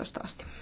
2013 asti.